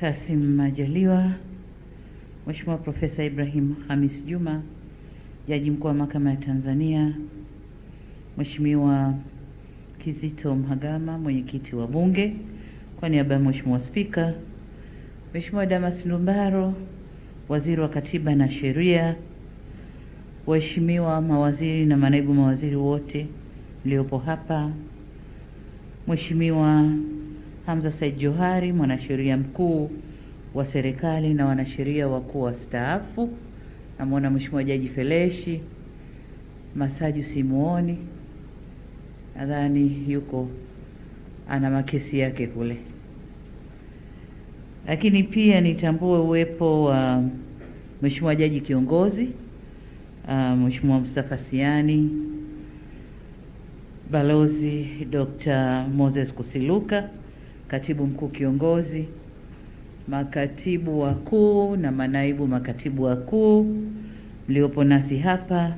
kasim Majaliwa, Mheshimiwa Profesa Ibrahim Hamis Juma, Jaji Mkuu wa Mahakama ya Tanzania, Mheshimiwa Kizito Mhagama, mwenyekiti wa Bunge kwa niaba ya Mheshimiwa Spika, Mheshimiwa Damas Ndumbaro, Waziri wa Katiba na Sheria, waheshimiwa mawaziri na manaibu mawaziri wote mliopo hapa, Mheshimiwa Hamza Said Johari, mwanasheria mkuu wa serikali na wanasheria wakuu wastaafu. Namwona Mheshimiwa Jaji Feleshi Masaju, simuoni, nadhani yuko ana makesi yake kule, lakini pia nitambue uwepo wa uh, Mheshimiwa Jaji kiongozi uh, Mheshimiwa Mustafa Siani, Balozi Dr. Moses Kusiluka katibu mkuu kiongozi, makatibu wakuu na manaibu makatibu wakuu mliopo nasi hapa,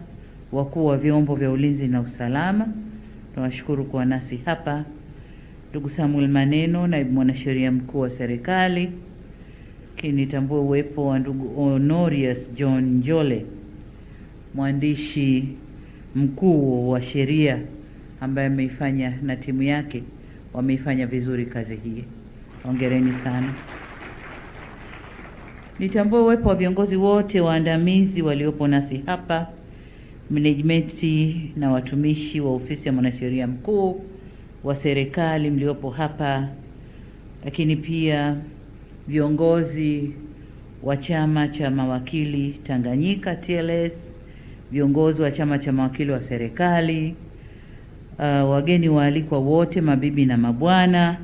wakuu wa vyombo vya ulinzi na usalama, tunawashukuru kuwa nasi hapa, ndugu Samuel Maneno, naibu mwanasheria mkuu wa serikali, lakini nitambue uwepo wa ndugu Honorius John Njole, mwandishi mkuu wa sheria ambaye ameifanya na timu yake wameifanya vizuri kazi hii, hongereni sana. Nitambue uwepo wa viongozi wote waandamizi waliopo nasi hapa, management na watumishi wa ofisi ya mwanasheria mkuu wa serikali mliopo hapa, lakini pia viongozi wa chama cha mawakili Tanganyika TLS, viongozi wa chama cha mawakili wa serikali uh, wageni waalikwa wote, mabibi na mabwana,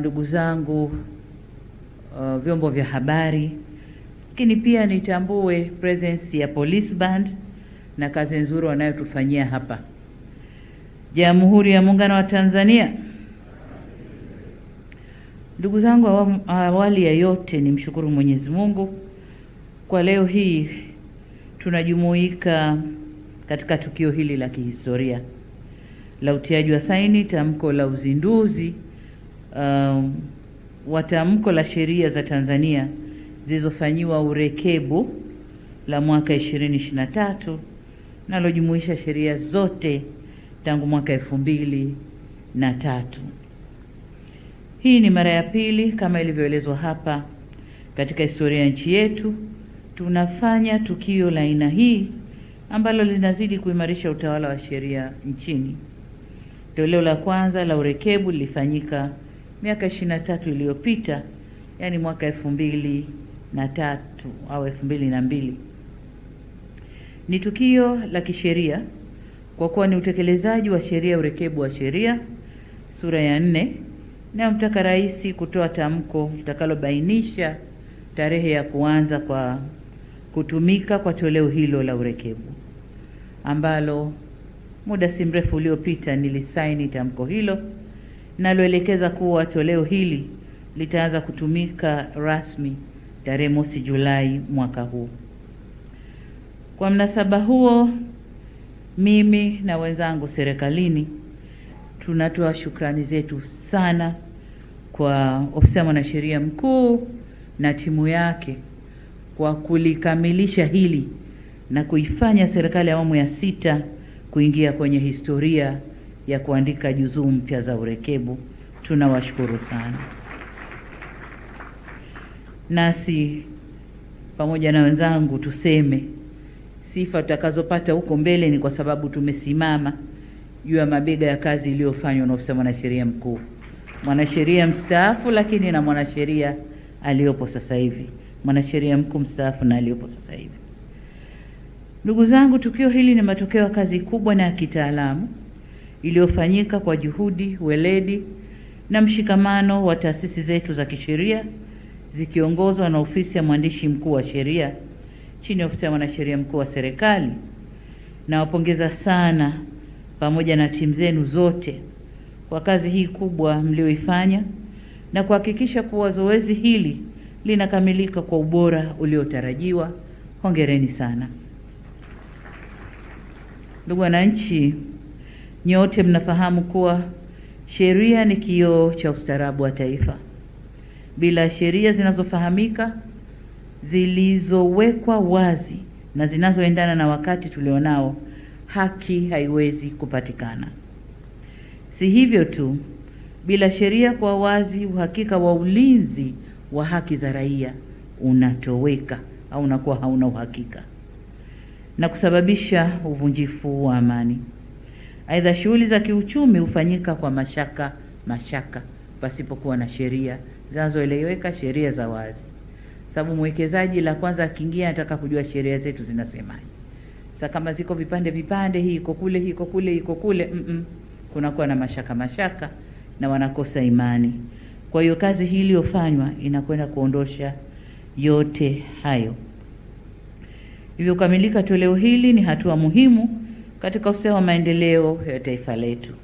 ndugu zangu uh, vyombo vya habari, lakini pia nitambue presence ya police band na kazi nzuri wanayotufanyia hapa Jamhuri ya Muungano wa Tanzania. Ndugu zangu, awali ya yote mshukuru Mwenyezi Mungu kwa leo hii tunajumuika katika tukio hili la kihistoria la utiaji wa saini tamko la uzinduzi um, wa tamko la sheria za Tanzania zilizofanyiwa urekebu la mwaka 2023 nalojumuisha sheria zote tangu mwaka elfu mbili na tatu. Hii ni mara ya pili kama ilivyoelezwa hapa katika historia ya nchi yetu tunafanya tukio la aina hii ambalo linazidi kuimarisha utawala wa sheria nchini. Toleo la kwanza la urekebu lilifanyika miaka tatu iliyopita, yaani mwaka elfu mbili na tatu au elfu mbili na mbili. Ni tukio la kisheria kwa kuwa ni utekelezaji wa sheria ya urekebu wa sheria sura ya nne inayomtaka rais kutoa tamko litakalobainisha tarehe ya kuanza kwa kutumika kwa toleo hilo la urekebu ambalo Muda si mrefu uliopita nilisaini tamko hilo naloelekeza kuwa toleo hili litaanza kutumika rasmi tarehe mosi Julai mwaka huu. Kwa mnasaba huo, mimi na wenzangu serikalini tunatoa shukrani zetu sana kwa ofisi ya mwanasheria mkuu na timu yake kwa kulikamilisha hili na kuifanya serikali ya awamu ya sita kuingia kwenye historia ya kuandika juzuu mpya za urekebu. Tunawashukuru sana. Nasi pamoja na wenzangu tuseme sifa tutakazopata huko mbele ni kwa sababu tumesimama juu ya mabega ya kazi iliyofanywa na ofisi ya mwanasheria mkuu, mwanasheria mstaafu, lakini na mwanasheria aliyopo sasa hivi, mwanasheria mkuu mstaafu na aliyopo sasa hivi. Ndugu zangu, tukio hili ni matokeo ya kazi kubwa na ya kitaalamu iliyofanyika kwa juhudi, weledi na mshikamano wa taasisi zetu za kisheria zikiongozwa na ofisi ya mwandishi mkuu wa sheria chini ya ofisi ya mwanasheria mkuu wa serikali. Nawapongeza sana pamoja na timu zenu zote kwa kazi hii kubwa mlioifanya na kuhakikisha kuwa zoezi hili linakamilika kwa ubora uliotarajiwa. Hongereni sana. Ndugu wananchi, nyote mnafahamu kuwa sheria ni kioo cha ustaarabu wa taifa. Bila sheria zinazofahamika, zilizowekwa wazi na zinazoendana na wakati tulionao, haki haiwezi kupatikana. Si hivyo tu, bila sheria kwa wazi, uhakika wa ulinzi wa haki za raia unatoweka au unakuwa hauna uhakika na kusababisha uvunjifu wa amani. Aidha, shughuli za kiuchumi hufanyika kwa mashaka mashaka, pasipokuwa na sheria zinazoeleweka, sheria za wazi, sababu mwekezaji la kwanza akiingia anataka kujua sheria zetu zinasemaje. Sasa kama ziko vipande vipande, hii iko kule, hii iko kule, iko kule, mm -mm, kunakuwa na mashaka mashaka na wanakosa imani. Kwa hiyo kazi hii iliyofanywa inakwenda kuondosha yote hayo. Hivyo kukamilika toleo hili ni hatua muhimu katika usawa wa maendeleo ya taifa letu.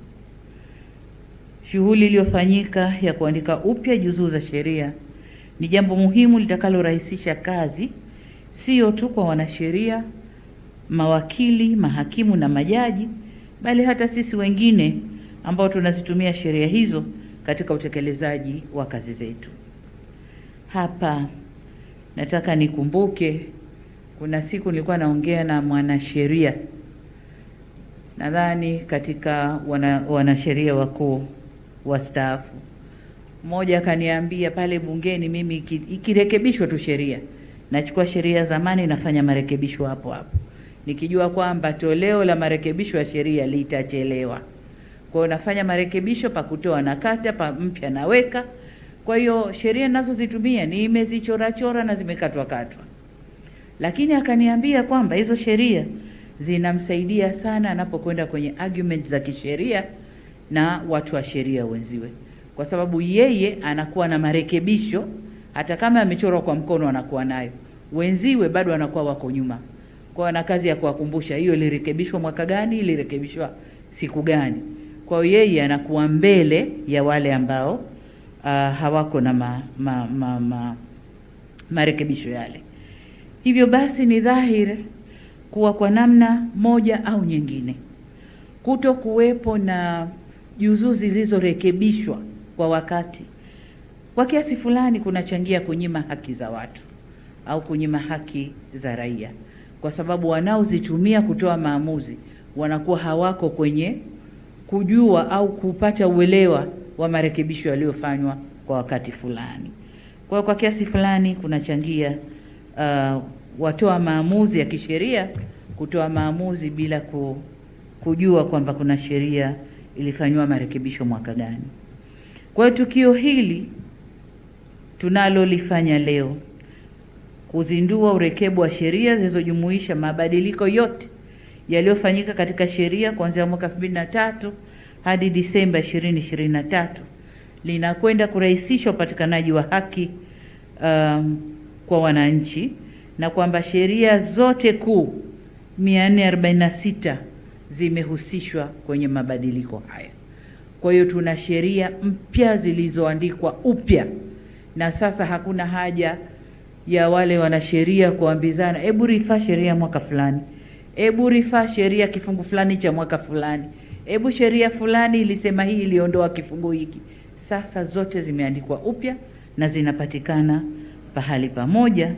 Shughuli iliyofanyika ya kuandika upya juzuu za sheria ni jambo muhimu litakalorahisisha kazi sio tu kwa wanasheria, mawakili, mahakimu na majaji, bali hata sisi wengine ambao tunazitumia sheria hizo katika utekelezaji wa kazi zetu. Hapa nataka nikumbuke kuna siku nilikuwa naongea na mwanasheria nadhani katika wana, wanasheria wakuu wastaafu, mmoja akaniambia pale bungeni, mimi ikirekebishwa tu sheria nachukua sheria zamani nafanya marekebisho hapo hapo, nikijua kwamba toleo la marekebisho ya sheria litachelewa. Kwa hiyo nafanya marekebisho, pakutoa nakata, pa mpya naweka. Kwa hiyo sheria nazozitumia nimezichorachora na zimekatwakatwa lakini akaniambia kwamba hizo sheria zinamsaidia sana anapokwenda kwenye argument za kisheria na watu wa sheria wenziwe, kwa sababu yeye anakuwa na marekebisho, hata kama amechorwa kwa mkono anakuwa nayo, wenziwe bado anakuwa wako nyuma kwa na kazi ya kuwakumbusha hiyo ilirekebishwa mwaka gani, ilirekebishwa siku gani. Kwa hiyo yeye anakuwa mbele ya wale ambao uh, hawako na ma, ma, ma, ma, marekebisho yale. Hivyo basi ni dhahiri kuwa kwa namna moja au nyingine, kuto kuwepo na juzuu zilizorekebishwa kwa wakati, kwa kiasi fulani kunachangia kunyima haki za watu au kunyima haki za raia, kwa sababu wanaozitumia kutoa maamuzi wanakuwa hawako kwenye kujua au kupata uelewa wa marekebisho yaliyofanywa kwa wakati fulani. Kwa hiyo kwa kiasi fulani kunachangia uh, watoa maamuzi ya kisheria kutoa maamuzi bila kujua kwamba kuna sheria ilifanywa marekebisho mwaka gani. Kwa hiyo tukio hili tunalolifanya leo kuzindua urekebu wa sheria zilizojumuisha mabadiliko yote yaliyofanyika katika sheria kuanzia mwaka 2003 hadi Disemba 2023 linakwenda kurahisisha upatikanaji wa haki um, kwa wananchi na kwamba sheria zote kuu 446 zimehusishwa kwenye mabadiliko haya. Kwa hiyo tuna sheria mpya zilizoandikwa upya, na sasa hakuna haja ya wale wanasheria kuambizana, hebu rifaa sheria mwaka fulani, hebu rifaa sheria kifungu fulani cha mwaka fulani, hebu sheria fulani ilisema hii, iliondoa kifungu hiki. Sasa zote zimeandikwa upya na zinapatikana pahali pamoja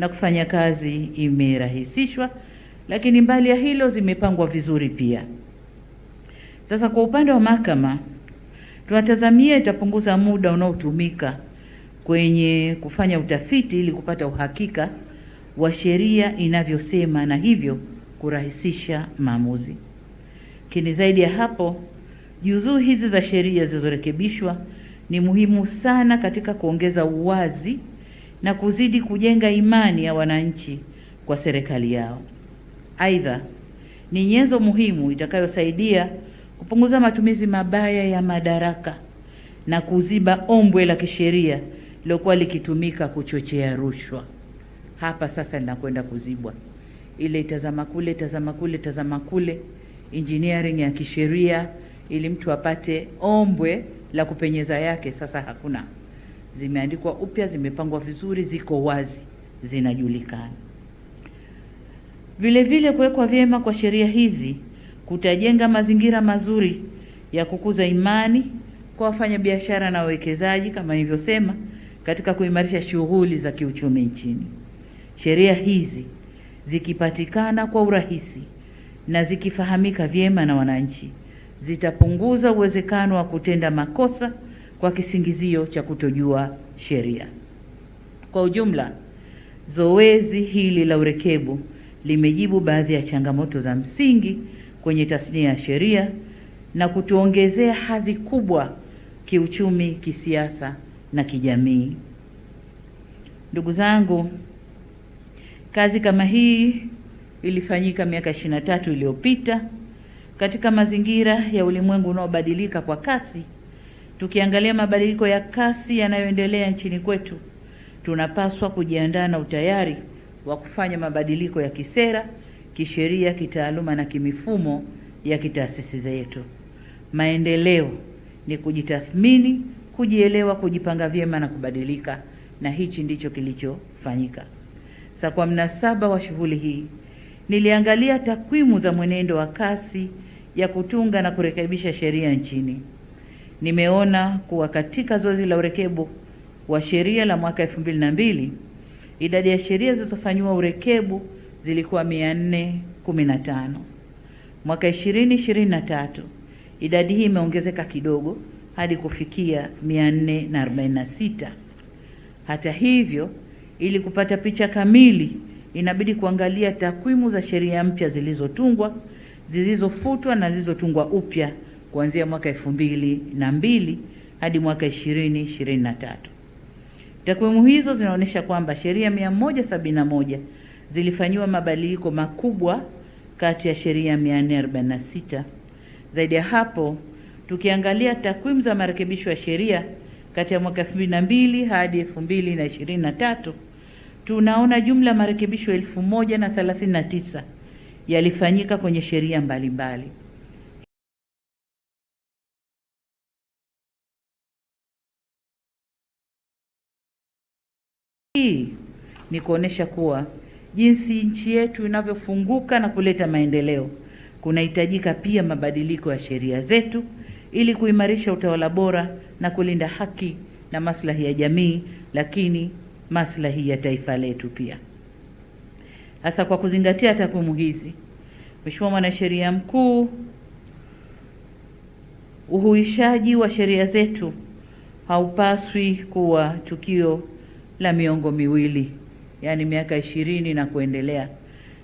na kufanya kazi imerahisishwa, lakini mbali ya hilo zimepangwa vizuri pia. Sasa kwa upande wa mahakama tunatazamia itapunguza muda unaotumika kwenye kufanya utafiti ili kupata uhakika wa sheria inavyosema na hivyo kurahisisha maamuzi. Lakini zaidi ya hapo, juzuu hizi za sheria zilizorekebishwa ni muhimu sana katika kuongeza uwazi na kuzidi kujenga imani ya wananchi kwa serikali yao. Aidha, ni nyenzo muhimu itakayosaidia kupunguza matumizi mabaya ya madaraka na kuziba ombwe la kisheria lilokuwa likitumika kuchochea rushwa. Hapa sasa linakwenda kuzibwa, ile itazama kule, tazama kule, tazama kule, engineering ya kisheria, ili mtu apate ombwe la kupenyeza yake, sasa hakuna zimeandikwa upya, zimepangwa vizuri, ziko wazi, zinajulikana. Vile vile kuwekwa vyema kwa sheria hizi kutajenga mazingira mazuri ya kukuza imani kwa wafanyabiashara na wawekezaji, kama nilivyosema, katika kuimarisha shughuli za kiuchumi nchini. Sheria hizi zikipatikana kwa urahisi na zikifahamika vyema na wananchi, zitapunguza uwezekano wa kutenda makosa kwa kisingizio cha kutojua sheria. Kwa ujumla, zoezi hili la urekebu limejibu baadhi ya changamoto za msingi kwenye tasnia ya sheria na kutuongezea hadhi kubwa kiuchumi, kisiasa na kijamii. Ndugu zangu, kazi kama hii ilifanyika miaka 23 iliyopita katika mazingira ya ulimwengu unaobadilika kwa kasi Tukiangalia mabadiliko ya kasi yanayoendelea nchini kwetu, tunapaswa kujiandaa na utayari wa kufanya mabadiliko ya kisera, kisheria, kitaaluma na kimifumo ya kitaasisi zetu. Maendeleo ni kujitathmini, kujielewa, kujipanga vyema na kubadilika, na hichi ndicho kilichofanyika. Sa, kwa mnasaba wa shughuli hii niliangalia takwimu za mwenendo wa kasi ya kutunga na kurekebisha sheria nchini nimeona kuwa katika zoezi la urekebu wa sheria la mwaka mbili idadi ya sheria zilizofanyiwa urekebu zilikuwa 415. Mwaka 2023 idadi hii imeongezeka kidogo hadi kufikia 446. Hata hivyo, ili kupata picha kamili inabidi kuangalia takwimu za sheria mpya zilizotungwa, zilizofutwa na zilizotungwa upya kuanzia mwaka elfu mbili na mbili hadi mwaka tatu. Takwimu hizo zinaonyesha kwamba sheria 171 zilifanyiwa mabadiliko makubwa kati ya sheria 446. Zaidi ya hapo, tukiangalia takwimu za marekebisho ya sheria kati ya mwaka mbili hadi tatu tunaona jumla marekebisho 1039 yalifanyika kwenye sheria mbalimbali. Hii ni kuonesha kuwa jinsi nchi yetu inavyofunguka na kuleta maendeleo, kunahitajika pia mabadiliko ya sheria zetu ili kuimarisha utawala bora na kulinda haki na maslahi ya jamii, lakini maslahi ya taifa letu pia. Hasa kwa kuzingatia takwimu hizi, Mheshimiwa Mwanasheria Mkuu, uhuishaji wa sheria zetu haupaswi kuwa tukio la miongo miwili, yaani miaka ishirini na kuendelea,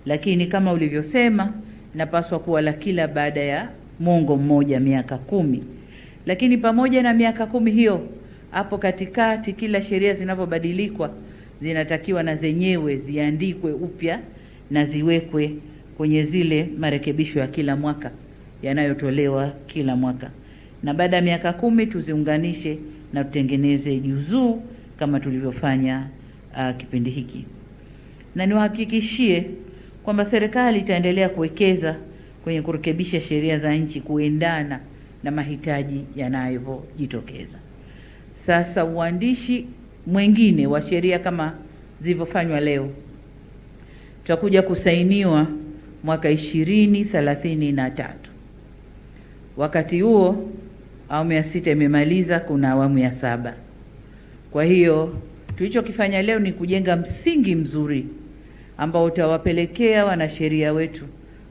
lakini kama ulivyosema napaswa kuwa la kila baada ya mwongo mmoja, miaka kumi. Lakini pamoja na miaka kumi hiyo, hapo katikati, kila sheria zinavyobadilikwa zinatakiwa na zenyewe ziandikwe upya na ziwekwe kwenye zile marekebisho ya kila mwaka yanayotolewa kila mwaka, na baada ya miaka kumi tuziunganishe na tutengeneze juzuu kama tulivyofanya uh, kipindi hiki, na niwahakikishie kwamba serikali itaendelea kuwekeza kwenye kurekebisha sheria za nchi kuendana na mahitaji yanayojitokeza. Sasa uandishi mwingine wa sheria kama zilivyofanywa leo tutakuja kusainiwa mwaka ishirini thelathini na tatu. Wakati huo awamu ya sita imemaliza, kuna awamu ya saba. Kwa hiyo tulichokifanya leo ni kujenga msingi mzuri ambao utawapelekea wanasheria wetu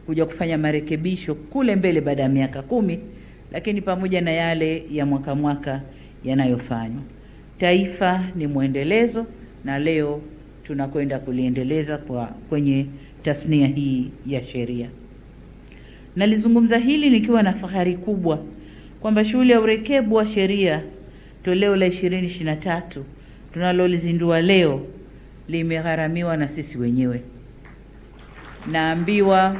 kuja kufanya marekebisho kule mbele baada ya miaka kumi, lakini pamoja na yale ya mwaka mwaka yanayofanywa. Taifa ni mwendelezo, na leo tunakwenda kuliendeleza kwa kwenye tasnia hii ya sheria. Nalizungumza hili nikiwa na fahari kubwa kwamba shughuli ya urekebu wa sheria toleo la 2023 tunalolizindua leo limegharamiwa na sisi wenyewe. Naambiwa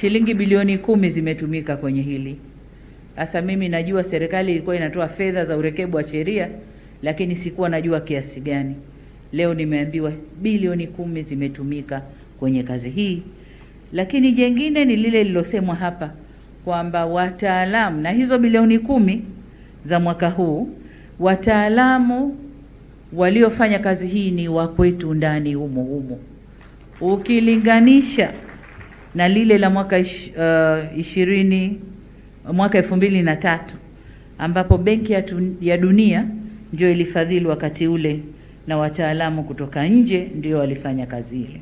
shilingi bilioni kumi zimetumika kwenye hili. Sasa mimi najua serikali ilikuwa inatoa fedha za urekebu wa sheria, lakini sikuwa najua kiasi gani. Leo nimeambiwa bilioni kumi zimetumika kwenye kazi hii, lakini jengine ni lile lilosemwa hapa kwamba wataalamu na hizo bilioni kumi za mwaka huu, wataalamu waliofanya kazi hii ni wa kwetu ndani humo humo, ukilinganisha na lile la mwaka ish, uh, ishirini mwaka elfu mbili na tatu ambapo Benki ya, ya Dunia ndio ilifadhili wakati ule na wataalamu kutoka nje ndio walifanya kazi ile.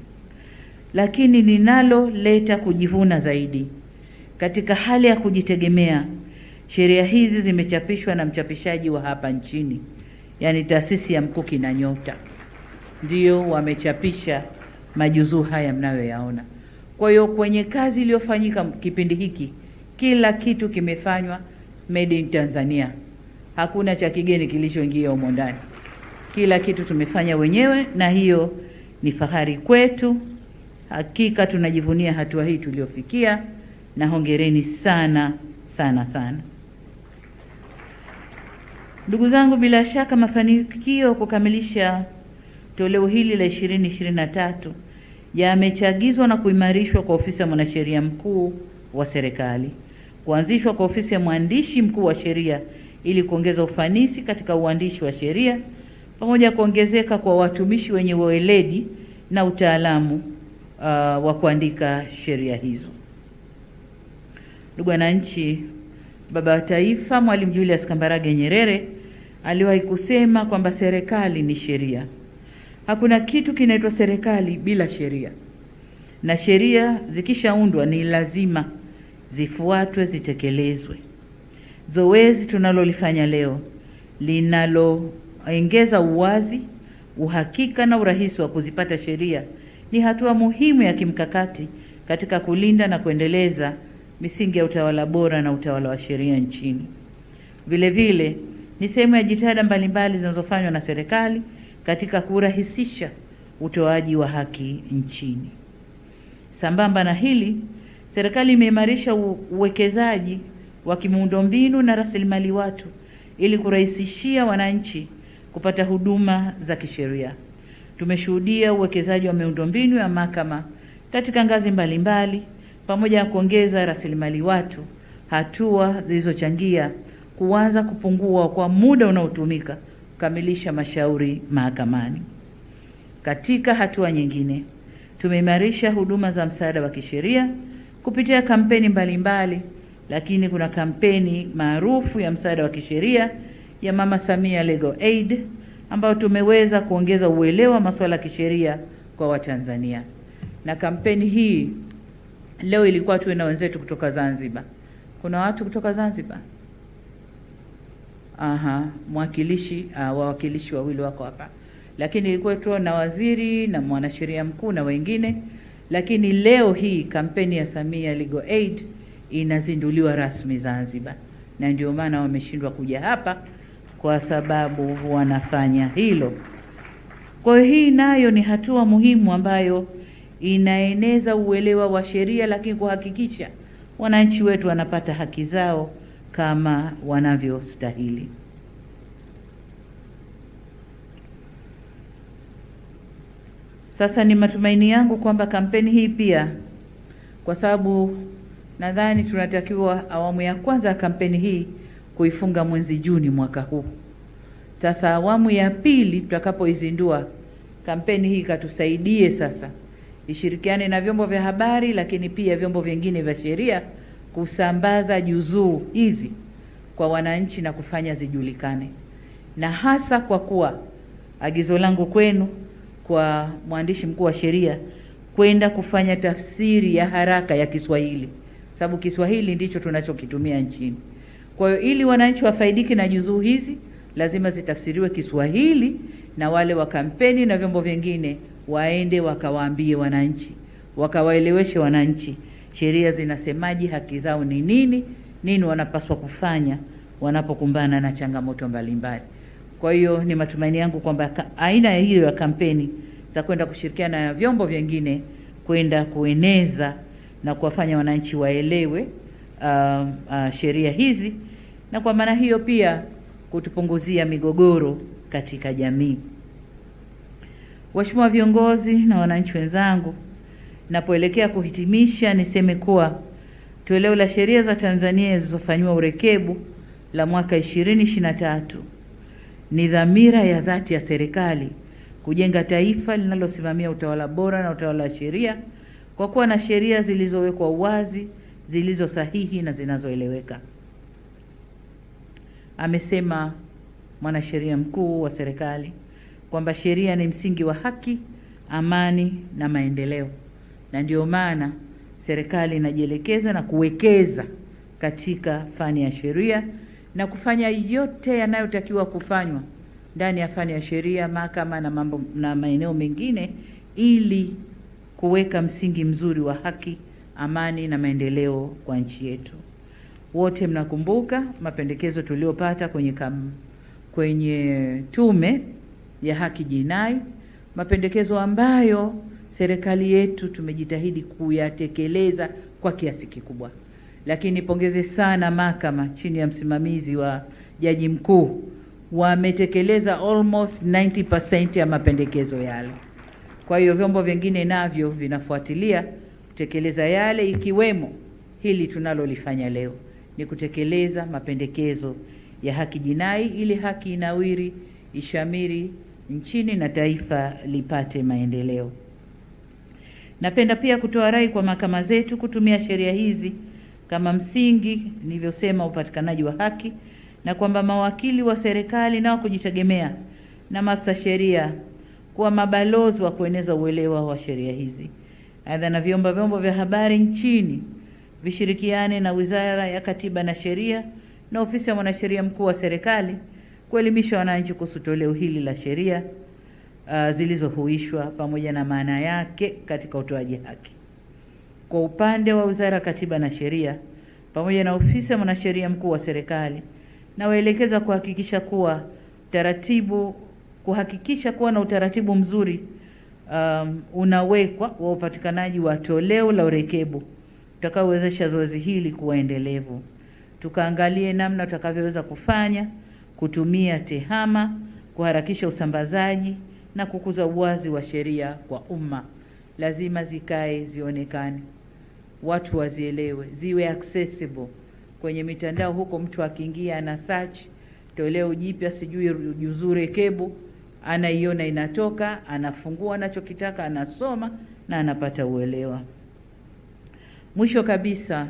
Lakini ninaloleta kujivuna zaidi katika hali ya kujitegemea Sheria hizi zimechapishwa na mchapishaji wa hapa nchini, yaani taasisi ya Mkuki na Nyota, ndio wamechapisha majuzuu haya mnayoyaona. Kwa hiyo kwenye kazi iliyofanyika kipindi hiki, kila kitu kimefanywa made in Tanzania, hakuna cha kigeni kilichoingia humo ndani. Kila kitu tumefanya wenyewe, na hiyo ni fahari kwetu. Hakika tunajivunia hatua hii tuliofikia, na hongereni sana sana sana. Ndugu zangu, bila shaka mafanikio kukamilisha toleo hili la 2023 yamechagizwa na kuimarishwa kwa ofisi ya mwanasheria mkuu wa serikali, kuanzishwa kwa ofisi ya mwandishi mkuu wa sheria ili kuongeza ufanisi katika uandishi wa sheria, pamoja na kuongezeka kwa watumishi wenye weledi na utaalamu uh, wa kuandika sheria hizo. Ndugu wananchi, baba wa taifa Mwalimu Julius Kambarage Nyerere aliwahi kusema kwamba serikali ni sheria. Hakuna kitu kinaitwa serikali bila sheria, na sheria zikishaundwa ni lazima zifuatwe, zitekelezwe. Zoezi tunalolifanya leo linaloongeza uwazi, uhakika na urahisi wa kuzipata sheria ni hatua muhimu ya kimkakati katika kulinda na kuendeleza misingi ya utawala bora na utawala wa sheria nchini. Vilevile ni sehemu ya jitihada mbalimbali zinazofanywa na serikali katika kurahisisha utoaji wa haki nchini. Sambamba na hili, serikali imeimarisha uwekezaji wa kimiundombinu na rasilimali watu ili kurahisishia wananchi kupata huduma za kisheria. Tumeshuhudia uwekezaji wa miundombinu ya mahakama katika ngazi mbalimbali pamoja na kuongeza rasilimali watu, hatua zilizochangia kuanza kupungua kwa muda unaotumika kukamilisha mashauri mahakamani. Katika hatua nyingine, tumeimarisha huduma za msaada wa kisheria kupitia kampeni mbalimbali mbali, lakini kuna kampeni maarufu ya msaada wa kisheria ya Mama Samia Legal Aid ambayo tumeweza kuongeza uelewa wa masuala ya kisheria kwa Watanzania. Na kampeni hii leo ilikuwa tuwe na wenzetu kutoka Zanzibar. Kuna watu kutoka Zanzibar? aha, mwakilishi uh, wawakilishi wawili wako hapa, lakini ilikuwa na waziri na mwanasheria mkuu na wengine. Lakini leo hii kampeni ya Samia Legal Aid inazinduliwa rasmi Zanzibar, na ndio maana wameshindwa kuja hapa kwa sababu wanafanya hilo. Kwa hiyo hii nayo ni hatua muhimu ambayo inaeneza uelewa wa sheria, lakini kuhakikisha wananchi wetu wanapata haki zao kama wanavyostahili. Sasa ni matumaini yangu kwamba kampeni hii pia, kwa sababu nadhani tunatakiwa awamu ya kwanza ya kampeni hii kuifunga mwezi Juni mwaka huu. Sasa awamu ya pili tutakapoizindua kampeni hii ikatusaidie sasa, ishirikiane na vyombo vya habari, lakini pia vyombo vingine vya sheria kusambaza juzuu hizi kwa wananchi na kufanya zijulikane, na hasa kwa kuwa agizo langu kwenu kwa mwandishi mkuu wa sheria kwenda kufanya tafsiri ya haraka ya Kiswahili, sababu Kiswahili ndicho tunachokitumia nchini. Kwa hiyo ili wananchi wafaidike na juzuu hizi lazima zitafsiriwe Kiswahili, na wale wa kampeni na vyombo vingine waende wakawaambie wananchi, wakawaeleweshe wananchi sheria zinasemaje, haki zao ni nini, nini wanapaswa kufanya wanapokumbana na changamoto mbalimbali. Kwa hiyo ni matumaini yangu kwamba aina hiyo ya kampeni za kwenda kushirikiana na vyombo vingine kwenda kueneza na kuwafanya wananchi waelewe uh, uh, sheria hizi na kwa maana hiyo pia kutupunguzia migogoro katika jamii. Waheshimiwa viongozi na wananchi wenzangu Napoelekea kuhitimisha, niseme kuwa toleo la sheria za Tanzania zilizofanyiwa urekebu la mwaka 2023 ni dhamira ya dhati ya serikali kujenga taifa linalosimamia utawala bora na utawala wa sheria kwa kuwa na sheria zilizowekwa wazi, zilizo sahihi na zinazoeleweka, amesema mwanasheria mkuu wa serikali kwamba sheria ni msingi wa haki, amani na maendeleo na ndio maana serikali inajielekeza na kuwekeza katika fani ya sheria na kufanya yote yanayotakiwa kufanywa ndani ya fani ya sheria, mahakama na mambo na maeneo mengine ili kuweka msingi mzuri wa haki, amani na maendeleo kwa nchi yetu. Wote mnakumbuka mapendekezo tuliyopata kwenye kam, kwenye tume ya haki jinai, mapendekezo ambayo serikali yetu tumejitahidi kuyatekeleza kwa kiasi kikubwa, lakini nipongeze sana mahakama chini ya msimamizi wa jaji mkuu wametekeleza almost 90% ya mapendekezo yale. Kwa hiyo vyombo vingine navyo vinafuatilia kutekeleza yale, ikiwemo hili tunalolifanya leo ni kutekeleza mapendekezo ya haki jinai, ili haki inawiri, ishamiri nchini na taifa lipate maendeleo. Napenda pia kutoa rai kwa mahakama zetu kutumia sheria hizi kama msingi, nilivyosema, upatikanaji wa haki na kwamba mawakili wa serikali na wa kujitegemea na maafisa sheria kuwa mabalozi wa kueneza uelewa wa sheria hizi. Aidha, na vyomba vyombo vya habari nchini vishirikiane na Wizara ya Katiba na Sheria na Ofisi ya Mwanasheria Mkuu wa Serikali kuelimisha wananchi kuhusu toleo hili la sheria uh, zilizohuishwa pamoja na maana yake katika utoaji haki. Kwa upande wa Wizara ya Katiba na Sheria pamoja na Ofisi ya Mwanasheria Mkuu wa Serikali, nawaelekeza kuhakikisha kuwa taratibu kuhakikisha kuwa na utaratibu mzuri um, unawekwa wa upatikanaji wa toleo la urekebu utakaowezesha zoezi hili kuwa endelevu. Tukaangalie namna tutakavyoweza kufanya kutumia TEHAMA kuharakisha usambazaji na kukuza uwazi wa sheria kwa umma. Lazima zikae, zionekane, watu wazielewe, ziwe accessible kwenye mitandao huko. Mtu akiingia ana search toleo jipya, sijui juzuu rekebu, anaiona inatoka, anafungua anachokitaka, anasoma na anapata uelewa. Mwisho kabisa,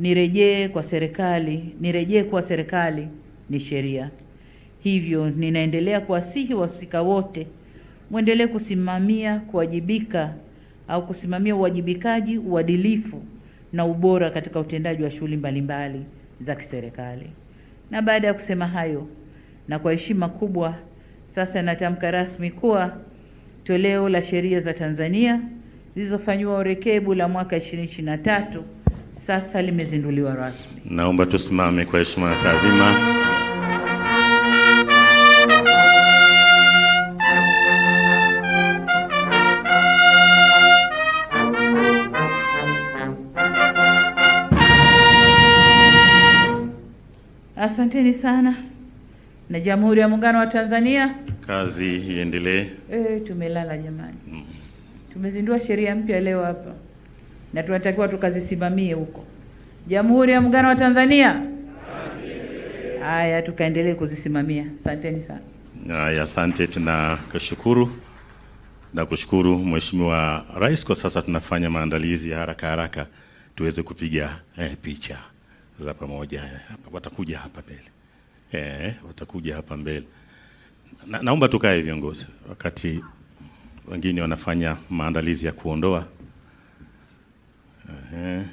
nirejee kwa serikali, nirejee kwa serikali ni sheria. Hivyo ninaendelea kuwasihi wahusika wote mwendelee kusimamia kuwajibika au kusimamia uwajibikaji, uadilifu na ubora katika utendaji wa shughuli mbalimbali za kiserikali. Na baada ya kusema hayo, na kwa heshima kubwa, sasa natamka rasmi kuwa toleo la sheria za Tanzania zilizofanyiwa urekebu la mwaka 2023 sasa limezinduliwa rasmi. Naomba tusimame kwa heshima na taadhima. Asanteni sana na Jamhuri ya Muungano wa Tanzania, kazi iendelee. E, tumelala jamani mm. Tumezindua sheria mpya leo hapa na tunatakiwa tukazisimamie huko. Jamhuri ya Muungano wa Tanzania, haya tukaendelee kuzisimamia. Asanteni sana. Haya, asante, tunakushukuru na kushukuru Mheshimiwa Rais. Kwa sasa tunafanya maandalizi ya haraka haraka tuweze kupiga eh, picha za pamoja hapa, watakuja hapa mbele eh, watakuja hapa mbele na, naomba tukae viongozi, wakati wengine wanafanya maandalizi ya kuondoa eh.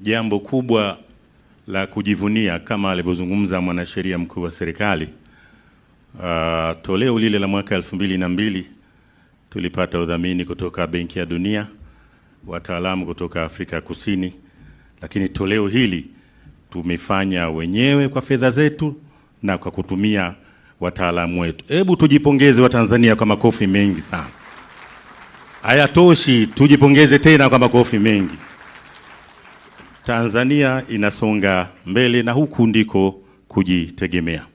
Jambo kubwa la kujivunia kama alivyozungumza mwanasheria mkuu wa serikali. Uh, toleo lile la mwaka elfu mbili na mbili tulipata udhamini kutoka Benki ya Dunia, wataalamu kutoka Afrika Kusini, lakini toleo hili tumefanya wenyewe kwa fedha zetu na kwa kutumia wataalamu wetu. Hebu tujipongeze Watanzania kwa makofi mengi sana. Hayatoshi, tujipongeze tena kwa makofi mengi. Tanzania inasonga mbele na huku ndiko kujitegemea.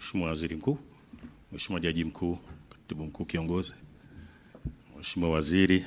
Mheshimiwa Waziri Mkuu, Mheshimiwa Jaji Mkuu, Katibu Mkuu Kiongozi, Mheshimiwa Waziri